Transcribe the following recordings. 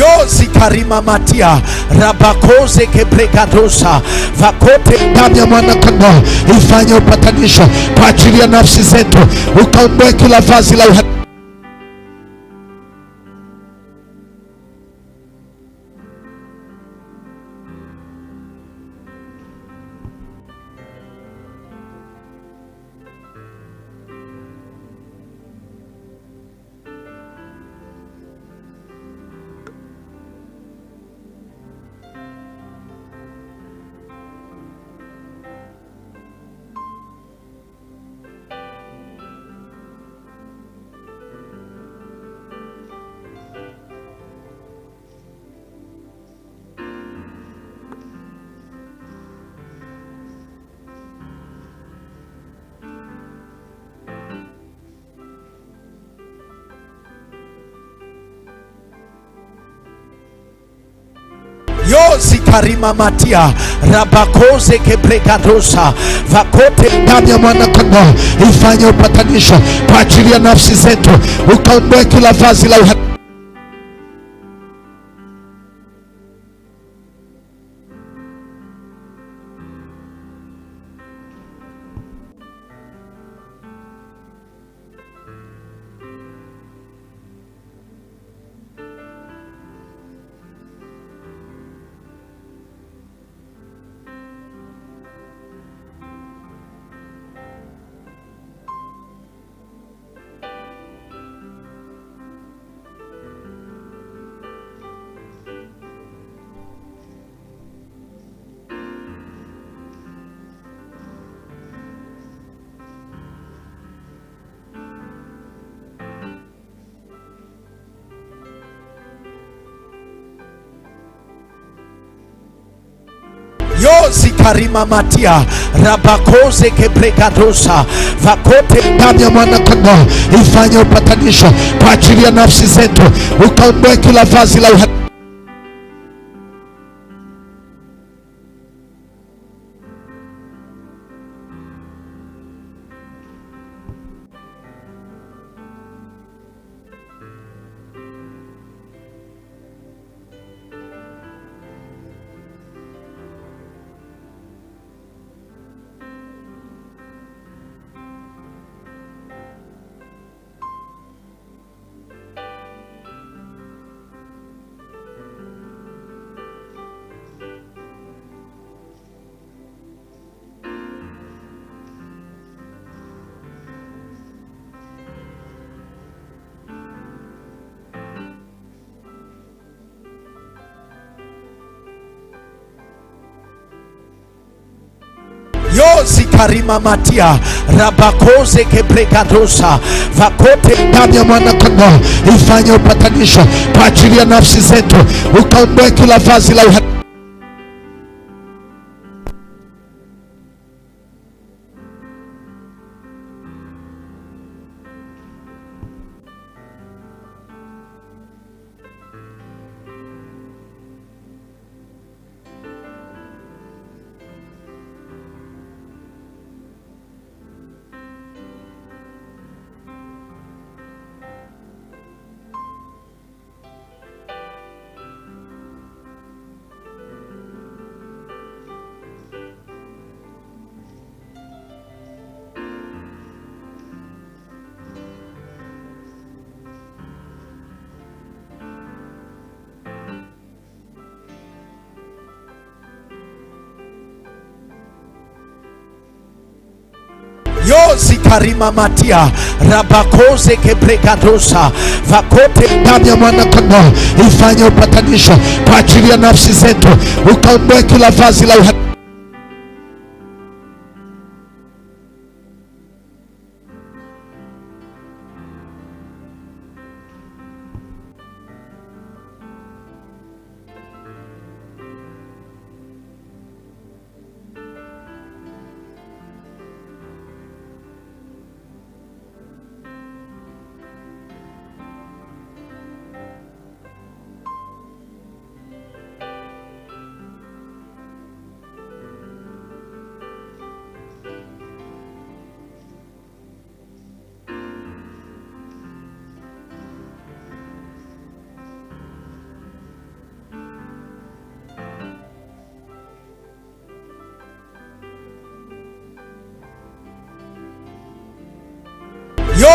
yozi karima matia rabakoze kebregadosa vakote. Damu ya mwanakondoo ifanye upatanisho kwa ajili ya nafsi zetu, ukaondoe kila vazi la matia rabakoze kebrekadosa vakote. Damu ya mwanakondoo ifanye upatanisho kwa ajili ya nafsi zetu, ukaondoe kila vazi la yozi karima matia rabakoze kebregadosa vakote. Damu ya mwana kondoo ifanye upatanisho kwa ajili ya nafsi zetu, ukaondoe kila vazi la yozi matia rabakoze kebregadosa vakote. Damu ya mwana kondoo ifanye upatanisho kwa ajili ya nafsi zetu, ukaondoe kila vazi la yozi karima matia rabakoze kebregadosa vakote. Damu ya mwana kondoo ifanye upatanisho kwa ajili ya nafsi zetu, ukaondoe kila vazi la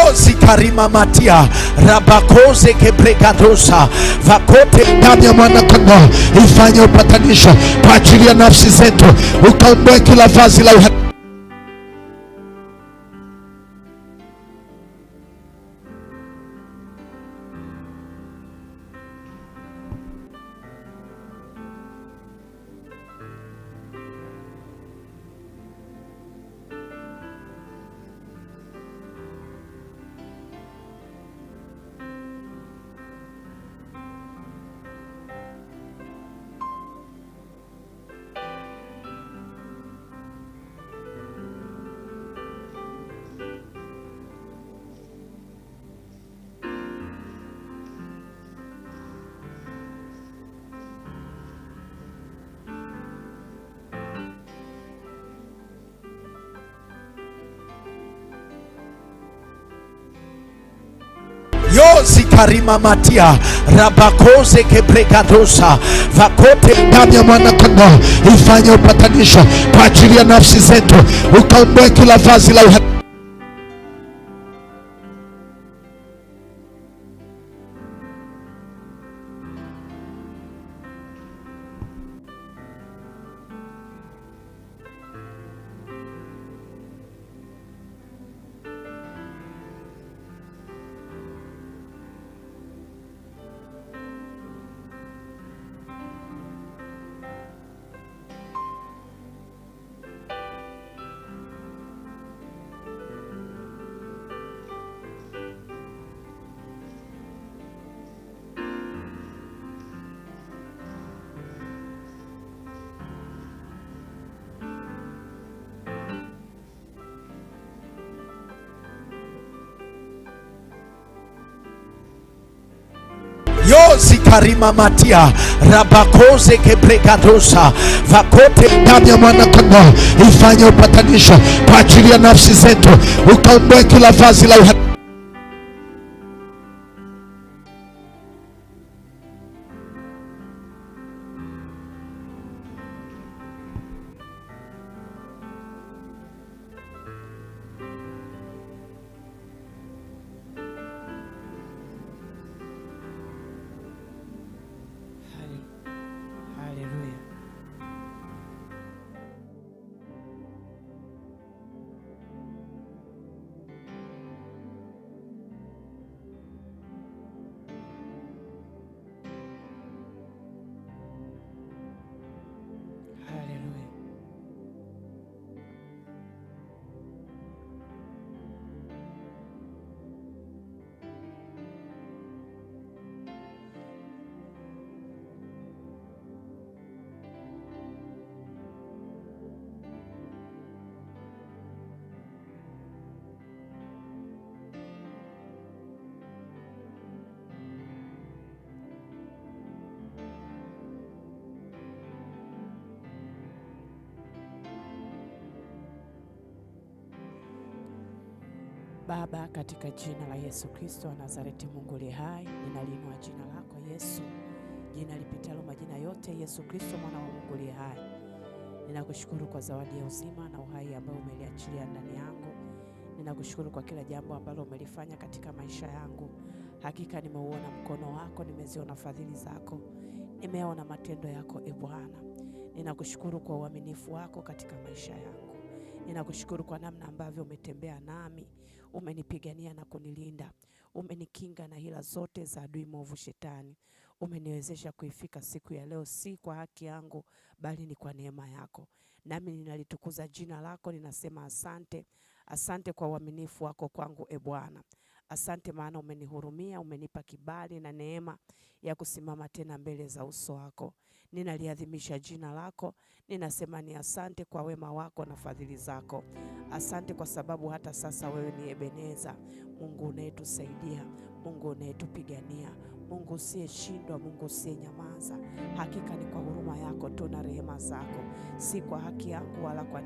rozi matia rabakoze kebregadosa vakote damu ya mwana kondoo ifanye upatanisho kwa ajili ya nafsi zetu, ukaondoe kila vazi la tarimamatia rabakoze kebrekadosa vakote. Damu ya kondoo ifanye upatanisho kwa ajili ya nafsi zetu, ukaondoe kila vazi la Yozi karima matia rabakoze kebregadosa vakote. Damu ya mwana kondoo ifanye upatanisho kwa ajili ya nafsi zetu, ukaondoe kila vazi la Baba, katika jina la Yesu Kristo wa Nazareti, Mungu li hai, ninalinua jina lako Yesu, jina lipitalo majina yote, Yesu Kristo mwana wa Mungu li hai. Ninakushukuru kwa zawadi ya uzima na uhai ambao umeliachilia ndani yangu. Ninakushukuru kwa kila jambo ambalo umelifanya katika maisha yangu. Hakika nimeuona mkono wako, nimeziona fadhili zako, nimeona matendo yako, e Bwana. Ninakushukuru kwa uaminifu wako katika maisha yangu. Ninakushukuru kwa namna ambavyo umetembea nami, umenipigania na kunilinda, umenikinga na hila zote za adui mwovu Shetani. Umeniwezesha kuifika siku ya leo, si kwa haki yangu, bali ni kwa neema yako. Nami ninalitukuza jina lako, ninasema asante. Asante kwa uaminifu wako kwangu, e Bwana. Asante maana umenihurumia, umenipa kibali na neema ya kusimama tena mbele za uso wako. Ninaliadhimisha jina lako, ninasema ni asante kwa wema wako na fadhili zako. Asante kwa sababu hata sasa wewe ni Ebeneza, Mungu unayetusaidia, Mungu unayetupigania, Mungu usiyeshindwa, Mungu usiyenyamaza. Hakika ni kwa huruma yako tu na rehema zako, si kwa haki yangu wala kwa,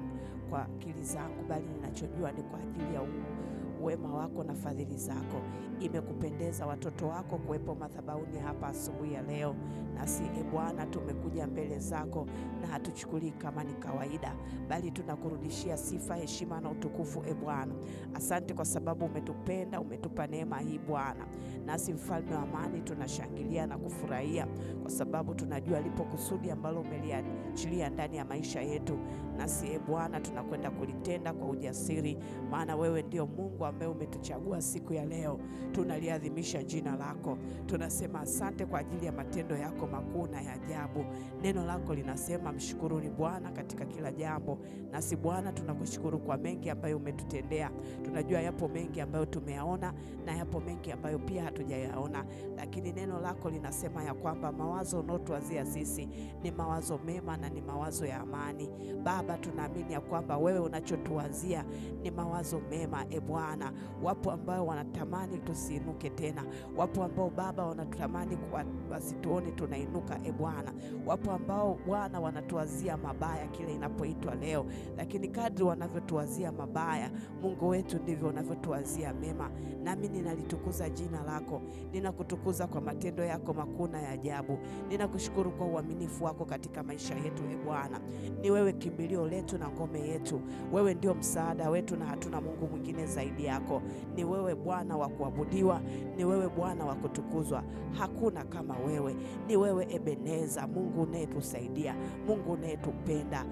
kwa akili zangu, bali ninachojua ni kwa ajili ya uu wema wako na fadhili zako. Imekupendeza watoto wako kuwepo madhabahuni hapa asubuhi ya leo, nasi e Bwana, tumekuja mbele zako na hatuchukulii kama ni kawaida, bali tunakurudishia sifa, heshima na utukufu. E Bwana, asante kwa sababu umetupenda, umetupa neema hii Bwana, nasi mfalme wa amani, tunashangilia na kufurahia kwa sababu tunajua lipo kusudi ambalo umeliachilia ndani ya maisha yetu, nasi e Bwana, tunakwenda kulitenda kwa ujasiri, maana wewe ndio Mungu ambaye umetuchagua siku ya leo. Tunaliadhimisha jina lako, tunasema asante kwa ajili ya matendo yako makuu na ya ajabu. Neno lako linasema mshukuruni Bwana katika kila jambo, nasi Bwana tunakushukuru kwa mengi ambayo umetutendea. Tunajua yapo mengi ambayo tumeyaona na yapo mengi ambayo pia hatujayaona, lakini neno lako linasema ya kwamba mawazo unaotuwazia sisi ni mawazo mema na ni mawazo ya amani. Baba, tunaamini ya kwamba wewe unachotuwazia ni mawazo mema, e Bwana Bwana. Wapo ambao wanatamani tusiinuke tena, wapo ambao Baba wanatamani wasituone tunainuka, e Bwana. Wapo ambao Bwana wanatuwazia mabaya kile inapoitwa leo, lakini kadri wanavyotuwazia mabaya, Mungu wetu, ndivyo unavyotuwazia mema. Nami ninalitukuza jina lako, ninakutukuza kwa matendo yako makuu na ya ajabu. Ninakushukuru kwa uaminifu wako katika maisha yetu, e Bwana. Ni wewe kimbilio letu na ngome yetu, wewe ndio msaada wetu na hatuna Mungu mwingine zaidi yako. Ni wewe Bwana wa kuabudiwa, ni wewe Bwana wa kutukuzwa, hakuna kama wewe. Ni wewe Ebeneza, Mungu unayetusaidia, Mungu unayetupenda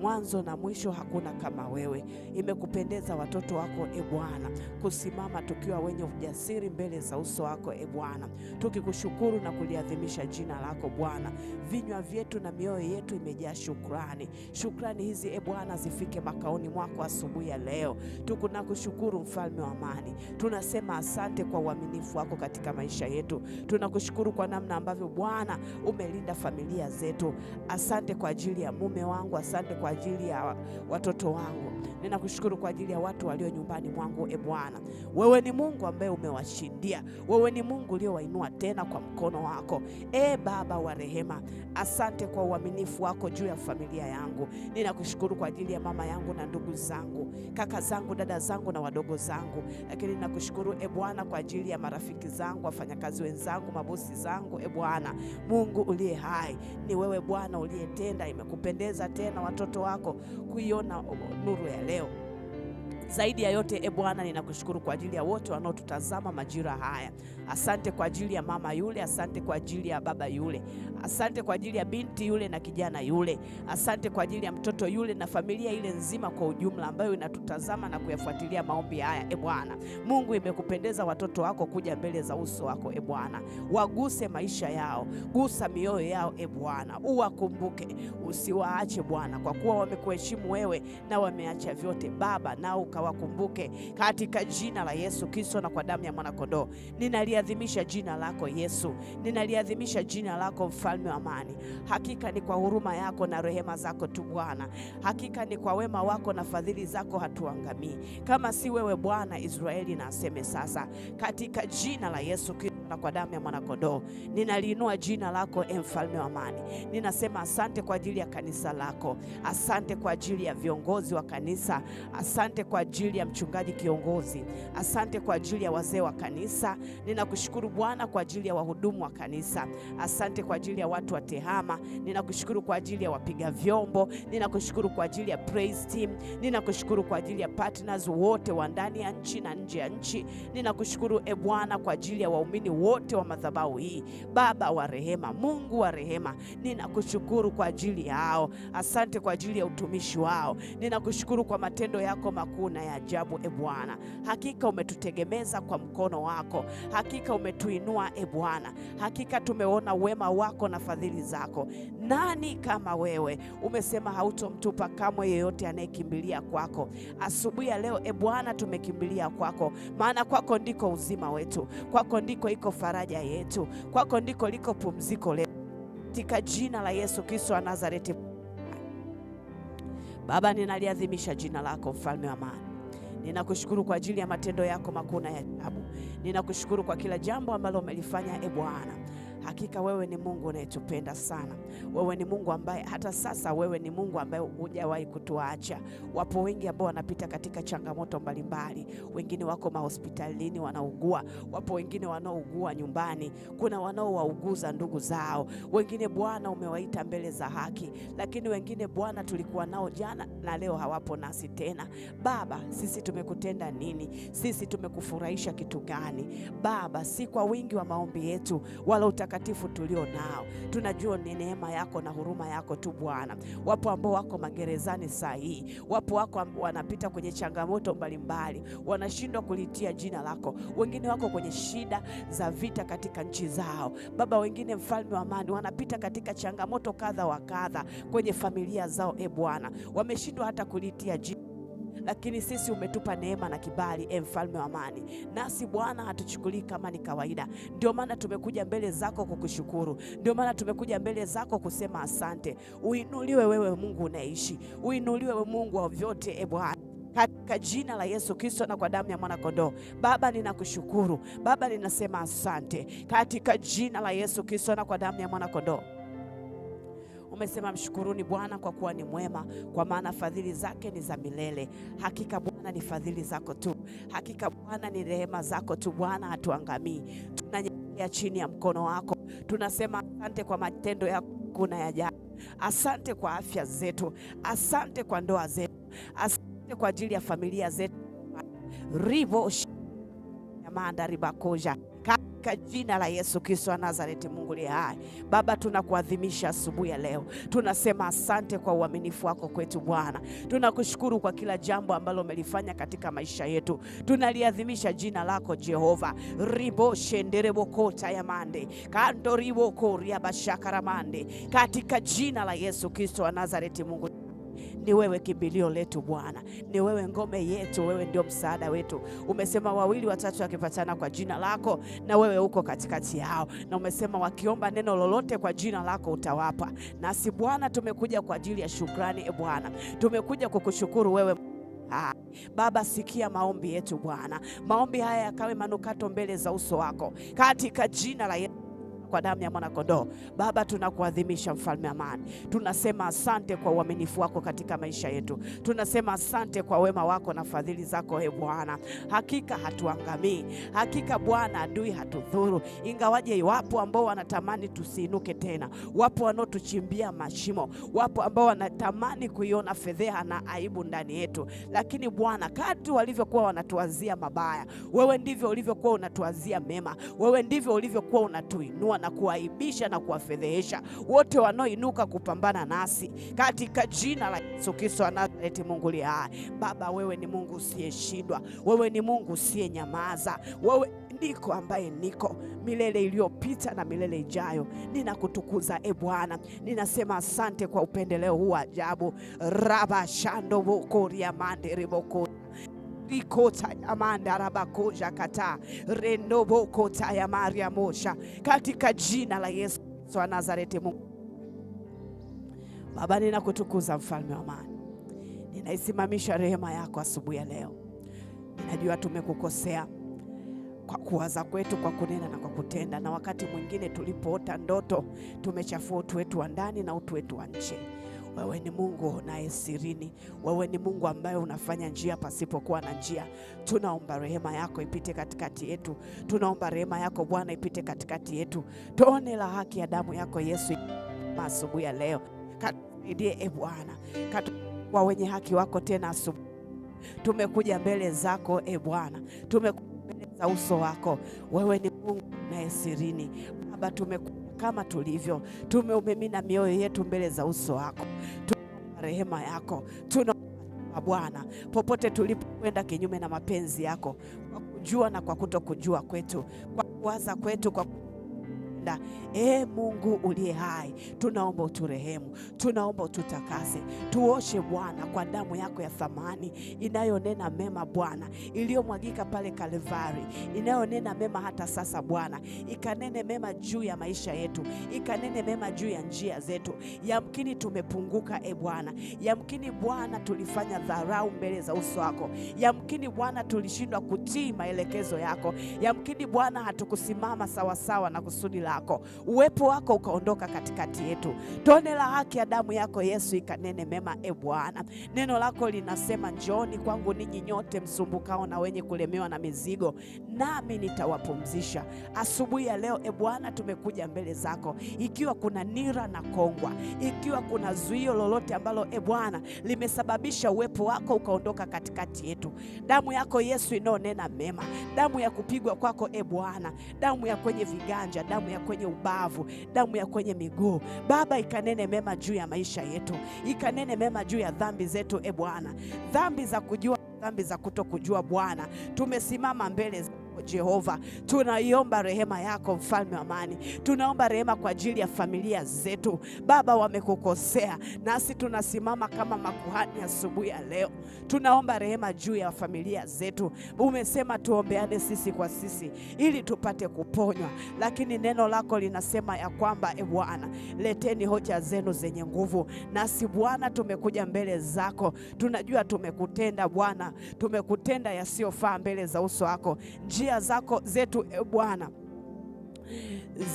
mwanzo na mwisho, hakuna kama wewe. Imekupendeza watoto wako e Bwana kusimama tukiwa wenye ujasiri mbele za uso wako e Bwana, tukikushukuru na kuliadhimisha jina lako Bwana. Vinywa vyetu na mioyo yetu imejaa shukrani. Shukrani hizi e Bwana zifike makaoni mwako asubuhi ya leo. Tunakushukuru mfalme wa amani, tunasema asante kwa uaminifu wako katika maisha yetu. Tunakushukuru kwa namna ambavyo Bwana umelinda familia zetu. Asante kwa ajili ya mume wangu, asante kwa kwa ajili ya watoto wangu, ninakushukuru kwa ajili ya watu walio nyumbani mwangu. E Bwana, wewe ni Mungu ambaye umewashindia, wewe ni Mungu uliowainua tena kwa mkono wako. E Baba wa rehema, asante kwa uaminifu wako juu ya familia yangu. Ninakushukuru kwa ajili ya mama yangu na ndugu zangu, kaka zangu, dada zangu na wadogo zangu, lakini ninakushukuru e Bwana kwa ajili ya marafiki zangu, wafanyakazi wenzangu, mabosi zangu. E Bwana Mungu uliye hai, ni wewe Bwana uliyetenda, imekupendeza tena watoto watoto wako kuiona nuru ya leo. Zaidi ya yote, e Bwana, ninakushukuru kwa ajili ya wote wanaotutazama majira haya. Asante kwa ajili ya mama yule, asante kwa ajili ya baba yule, asante kwa ajili ya binti yule na kijana yule, asante kwa ajili ya mtoto yule na familia ile nzima kwa ujumla ambayo inatutazama na kuyafuatilia maombi haya. E Bwana Mungu, imekupendeza watoto wako kuja mbele za uso wako. E Bwana, waguse maisha yao, gusa mioyo yao. E Bwana, uwakumbuke, usiwaache Bwana, kwa kuwa wamekuheshimu wewe na wameacha vyote. Baba, nao ukawakumbuke katika jina la Yesu Kristo na kwa damu ya mwana kondoo ninalia ninaliadhimisha jina lako Yesu, ninaliadhimisha jina lako mfalme wa amani. Hakika ni kwa huruma yako na rehema zako tu Bwana, hakika ni kwa wema wako na fadhili zako hatuangamii. Kama si wewe Bwana, Israeli na aseme sasa, katika jina la Yesu na kwa damu ya mwanakondoo. Ninaliinua jina lako, e mfalme wa amani. Ninasema asante kwa ajili ya kanisa lako, asante kwa ajili ya viongozi wa kanisa, asante kwa ajili ya mchungaji kiongozi, asante kwa ajili ya wazee wa kanisa. Ninakushukuru Bwana kwa ajili ya wahudumu wa kanisa, asante kwa ajili ya watu wa tehama. Ninakushukuru kwa ajili ya wapiga vyombo, ninakushukuru kwa ajili ya praise team, ninakushukuru kwa ajili ya partners wote wa ndani ya nchi na nje ya nchi. Ninakushukuru e Bwana kwa ajili ya waumini wote wa madhabahu hii. Baba wa rehema, Mungu wa rehema, ninakushukuru kwa ajili yao. Asante kwa ajili ya utumishi wao. Ninakushukuru kwa matendo yako makuu na ya ajabu, e Bwana. Hakika umetutegemeza kwa mkono wako, hakika umetuinua e Bwana, hakika tumeona wema wako na fadhili zako. Nani kama wewe? Umesema hautomtupa kamwe yeyote anayekimbilia kwako. Asubuhi ya leo e Bwana, tumekimbilia kwako, maana kwako ndiko uzima wetu, kwako ndiko iko ndiko faraja yetu, kwako ndiko liko pumziko letu, katika jina la Yesu Kristo wa Nazareti. Baba, ninaliadhimisha jina lako, mfalme wa amani. Ninakushukuru kwa ajili ya matendo yako makuu na ya ajabu. Ninakushukuru kwa kila jambo ambalo umelifanya, e Bwana. Hakika wewe ni Mungu unayetupenda sana. Wewe ni Mungu ambaye hata sasa wewe ni Mungu ambaye hujawahi kutuacha. Wapo wengi ambao wanapita katika changamoto mbalimbali, wengine wako mahospitalini wanaugua, wapo wengine wanaougua nyumbani, kuna wanaowauguza ndugu zao, wengine Bwana umewaita mbele za haki, lakini wengine Bwana tulikuwa nao jana na leo hawapo nasi tena. Baba, sisi tumekutenda nini? Sisi tumekufurahisha kitu gani? Baba, si kwa wingi wa maombi yetu wala utaka mtakatifu tulio nao. Tunajua ni neema yako na huruma yako tu Bwana. Wapo ambao wako magerezani saa hii, wapo wako wanapita kwenye changamoto mbalimbali, wanashindwa kulitia jina lako. Wengine wako kwenye shida za vita katika nchi zao, Baba. Wengine mfalme wa amani, wanapita katika changamoto kadha wa kadha kwenye familia zao. E Bwana, wameshindwa hata kulitia jina lakini sisi umetupa neema na kibali, e mfalme wa amani, nasi Bwana hatuchukulii kama ni kawaida. Ndio maana tumekuja mbele zako kukushukuru, ndio maana tumekuja mbele zako kusema asante. Uinuliwe wewe Mungu unaishi, uinuliwe wewe Mungu wa vyote, e Bwana katika jina la Yesu Kristo na kwa damu ya mwana kondoo. Baba, ninakushukuru Baba, ninasema asante katika jina la Yesu Kristo na kwa damu ya mwana kondoo. Umesema mshukuruni Bwana kwa kuwa ni mwema, kwa maana fadhili zake ni za milele. Hakika Bwana ni fadhili zako tu, hakika Bwana ni rehema zako tu. Bwana hatuangamii, tunanyenyekea chini ya mkono wako. Tunasema asante kwa matendo yako kuna ya Asante kwa afya zetu, asante kwa ndoa zetu, asante kwa ajili ya familia zetu rivo amanda ribakoja katika jina la Yesu Kristo wa Nazareti. Mungu liye hai, Baba, tunakuadhimisha asubuhi ya leo, tunasema asante kwa uaminifu wako kwetu Bwana. Tunakushukuru kwa kila jambo ambalo umelifanya katika maisha yetu, tunaliadhimisha jina lako Jehova. ribo shenderebokota yamande kandoriwokoriabashakaramande katika jina la Yesu Kristo wa Nazareti Mungu ni wewe kimbilio letu Bwana, ni wewe ngome yetu, wewe ndio msaada wetu. Umesema wawili watatu wakipatana kwa jina lako, na wewe uko katikati yao, na umesema wakiomba neno lolote kwa jina lako utawapa. Nasi Bwana tumekuja kwa ajili ya shukrani, e Bwana, tumekuja kukushukuru wewe Ah, Baba sikia maombi yetu Bwana, maombi haya yakawe manukato mbele za uso wako katika jina la Yesu kwa damu ya mwanakondoo. Baba, tunakuadhimisha mfalme amani, tunasema asante kwa uaminifu wako katika maisha yetu, tunasema asante kwa wema wako na fadhili zako, he ee Bwana. Hakika hatuangamii, hakika Bwana adui hatudhuru, ingawaje wapo ambao wanatamani tusiinuke tena, wapo wanaotuchimbia mashimo, wapo ambao wanatamani kuiona fedheha na aibu ndani yetu, lakini Bwana, kadri walivyokuwa wanatuazia mabaya, wewe ndivyo ulivyokuwa unatuazia mema, wewe ndivyo ulivyokuwa unatuinua na kuwaibisha na kuwafedhehesha wote wanaoinuka kupambana nasi katika jina la Yesu Kristo wa Nazareti. Mungu li hai, Baba, wewe ni Mungu usiyeshindwa, wewe ni Mungu usiyenyamaza, wewe ndiko ambaye niko milele iliyopita na milele ijayo. Ninakutukuza e Bwana, ninasema asante kwa upendeleo huu ajabu. raba shando bokoriamande rikota amanda rabakoja kata kota ya maria mosha katika jina la Yesu wa Nazareti. Mungu Baba, ninakutukuza mfalme wa amani, ninaisimamisha rehema yako asubuhi ya leo. Ninajua tumekukosea kwa kuwaza kwetu, kwa kunena na kwa kutenda, na wakati mwingine tulipoota ndoto tumechafua utu wetu wa ndani na utu wetu wa nje. Wewe ni Mungu na sirini, wewe ni Mungu ambaye unafanya njia pasipokuwa na njia. Tunaomba rehema yako ipite katikati yetu, tunaomba rehema yako Bwana ipite katikati yetu. Tone la haki ya damu yako Yesu asubuhi ya leo, katusaidie e Bwana, katuwa wenye haki wako tena asubuhi. Tumekuja mbele zako e Bwana, tumekuja mbele za uso wako, wewe ni Mungu na sirini Baba, tumekuja kama tulivyo. Tumeumimina mioyo yetu mbele za uso wako, tuna rehema yako, tunaomba Bwana, popote tulipokwenda kinyume na mapenzi yako, kwa kujua na kwa kutokujua kwetu, kwa kuwaza kwetu, kwa kupenda. Ee Mungu uliye hai, tunaomba uturehemu, tunaomba ututakase, tuoshe Bwana kwa damu yako ya thamani inayonena mema Bwana, iliyomwagika pale Kalvari, inayonena mema hata sasa Bwana, ikanene mema juu ya maisha yetu, ikanene mema juu ya njia zetu. Yamkini tumepunguka e Bwana, yamkini Bwana tulifanya dharau mbele za uso wako, yamkini Bwana tulishindwa kutii maelekezo yako, yamkini Bwana hatukusimama sawasawa na kusudi la yako, uwepo wako ukaondoka katikati yetu. Tone la haki ya damu yako Yesu ikanene mema. E Bwana, neno lako linasema, njooni kwangu ninyi nyote msumbukao na wenye kulemewa na mizigo, nami nitawapumzisha. Asubuhi ya leo, e Bwana, tumekuja mbele zako, ikiwa kuna nira na kongwa, ikiwa kuna zuio lolote ambalo e Bwana limesababisha uwepo wako ukaondoka katikati yetu, damu yako Yesu inaonena mema, damu ya kupigwa kwako e Bwana, damu ya kwenye viganja, damu ya kwenye ubavu, damu ya kwenye miguu. Baba, ikanene mema juu ya maisha yetu, ikanene mema juu ya dhambi zetu, e Bwana, dhambi za kujua, dhambi za kuto kujua Bwana, tumesimama mbele Jehova, tunaiomba rehema yako mfalme wa amani. Tunaomba rehema kwa ajili ya familia zetu. Baba, wamekukosea, nasi tunasimama kama makuhani asubuhi ya leo, tunaomba rehema juu ya familia zetu. Umesema tuombeane sisi kwa sisi ili tupate kuponywa, lakini neno lako linasema ya kwamba e Bwana, leteni hoja zenu zenye nguvu. Nasi Bwana, tumekuja mbele zako, tunajua tumekutenda Bwana, tumekutenda yasiyofaa mbele za uso wako njia zako zetu, e Bwana,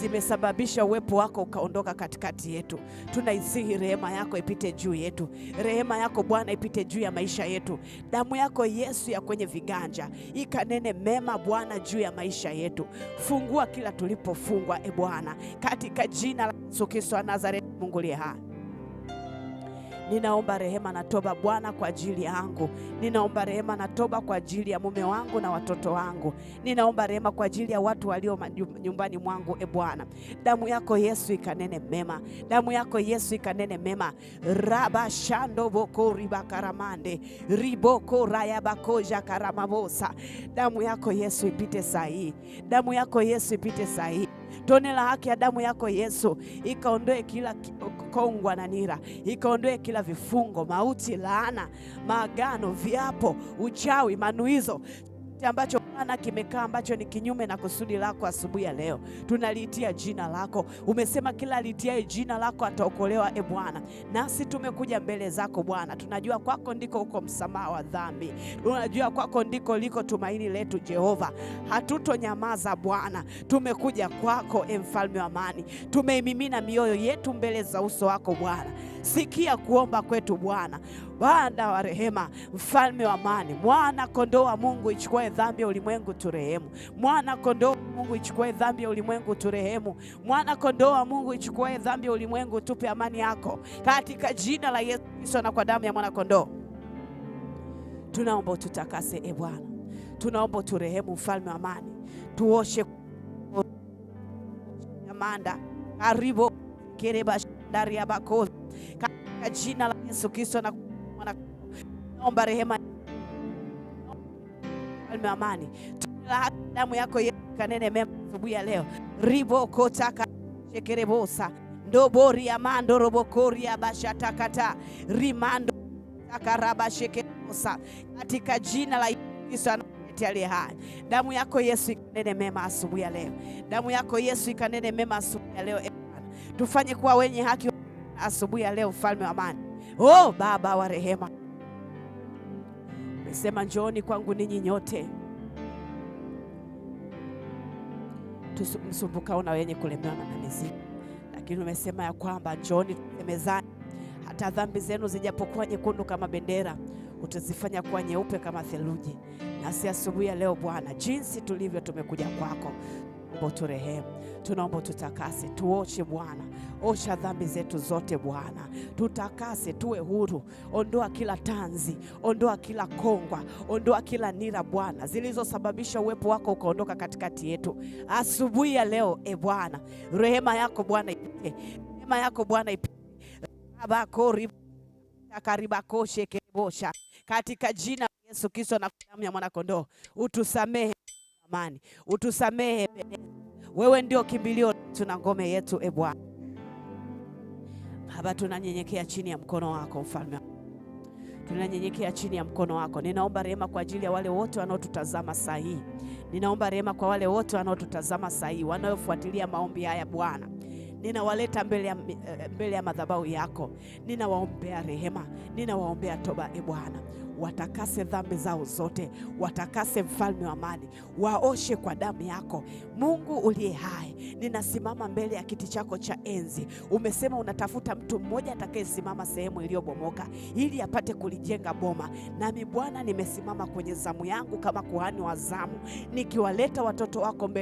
zimesababisha uwepo wako ukaondoka katikati yetu. Tunaisihi rehema yako ipite juu yetu, rehema yako Bwana ipite juu ya maisha yetu, damu yako Yesu ya kwenye viganja ikanene mema Bwana juu ya maisha yetu. Fungua kila tulipofungwa, e Bwana, katika jina la Yesu Kristo wa Nazareti, Mungu liye hai. Ninaomba rehema na toba Bwana kwa ajili yangu. Ninaomba rehema na toba kwa ajili ya mume wangu na watoto wangu. Ninaomba rehema kwa ajili ya watu walio nyumbani mwangu. E Bwana, damu yako Yesu ikanene mema, damu yako Yesu ikanene mema. shando boko karamande riboko rayabakoja karamabosa. Damu yako Yesu ipite sahihi, damu yako Yesu ipite sahihi. Tone la haki ya damu yako Yesu ikaondoe kila kongwa na nira, ikaondoe kila vifungo, mauti, laana, maagano, viapo, uchawi, manuizo ambacho sana kimekaa ambacho ni kinyume na kusudi lako asubuhi ya leo, tunaliitia jina lako. Umesema kila litiae jina lako ataokolewa. E Bwana, nasi tumekuja mbele zako Bwana, tunajua kwako ndiko uko msamaha wa dhambi, tunajua kwako ndiko liko tumaini letu Jehova. Hatutonyamaza Bwana, tumekuja kwako, e mfalme wa amani, tumeimimina mioyo yetu mbele za uso wako Bwana. Sikia kuomba kwetu Bwana. Bwana wa rehema, mfalme wa amani, mwana kondoo wa Mungu, ichukue dhambi ya ulimwengu turehemu. Mwana kondoo wa Mungu, ichukue dhambi ya ulimwengu turehemu. Mwana kondoo wa Mungu, ichukue dhambi ya ulimwengu, tupe amani yako katika jina la Yesu Kristo na kwa damu ya mwana kondoo. Tunaomba ututakase, e Bwana, tunaomba turehemu, mfalme wa amani, tuoshe amanda karibu kereba kerebashndari ya bakozi katika jina la Yesu Kristo na kwa mwana naomba rehema falme wa amani damu yako Yesu kanene mema asubuhi ya leo shekerebosa ndobori ya mando robokori ya bashatakata rimando takaraba shekerebosa katika jina la Yesu aliye hai. Damu yako Yesu ikanene mema asubuhi ya leo. Damu yako Yesu ikanene mema asubuhi ya leo. Tufanye kuwa wenye haki asubuhi ya leo, mfalme wa amani. Oh Baba wa rehema, umesema njooni kwangu ninyi nyote msumbukao na wenye kulemewa na mizigo, lakini umesema ya kwamba njooni tusemezane, hata dhambi zenu zijapokuwa nyekundu kama bendera utazifanya kuwa nyeupe kama theluji. Nasi asubuhi ya leo Bwana, jinsi tulivyo, tumekuja kwako Turehemu, tunaomba tutakase, tuoshe Bwana, osha dhambi zetu zote Bwana, tutakase, tuwe huru, ondoa kila tanzi, ondoa kila kongwa, ondoa kila nira Bwana, zilizosababisha uwepo wako ukaondoka katikati yetu asubuhi ya leo. E Bwana, rehema yako Bwana ipige, rehema yako Bwana ipige karibakoshe katika jina la Yesu Kristo na damu ya mwana kondoo utusamehe amani, utusamehe Bwana. Wewe ndio kimbilio letu na ngome yetu, e Bwana Baba, tunanyenyekea chini ya mkono wako mfalme, tunanyenyekea chini ya mkono wako. Ninaomba rehema kwa ajili ya wale wote wanaotutazama saa hii, ninaomba rehema kwa wale wote wanaotutazama saa hii, wanaofuatilia maombi haya Bwana ninawaleta mbele ya, mbele ya madhabahu yako, ninawaombea rehema, ninawaombea toba. E Bwana, watakase dhambi zao zote, watakase mfalme wa amani, waoshe kwa damu yako. Mungu uliye hai, ninasimama mbele ya kiti chako cha enzi. Umesema unatafuta mtu mmoja atakayesimama sehemu iliyobomoka ili apate kulijenga boma. Nami Bwana, nimesimama kwenye zamu yangu kama kuhani wa zamu, nikiwaleta watoto wako mbele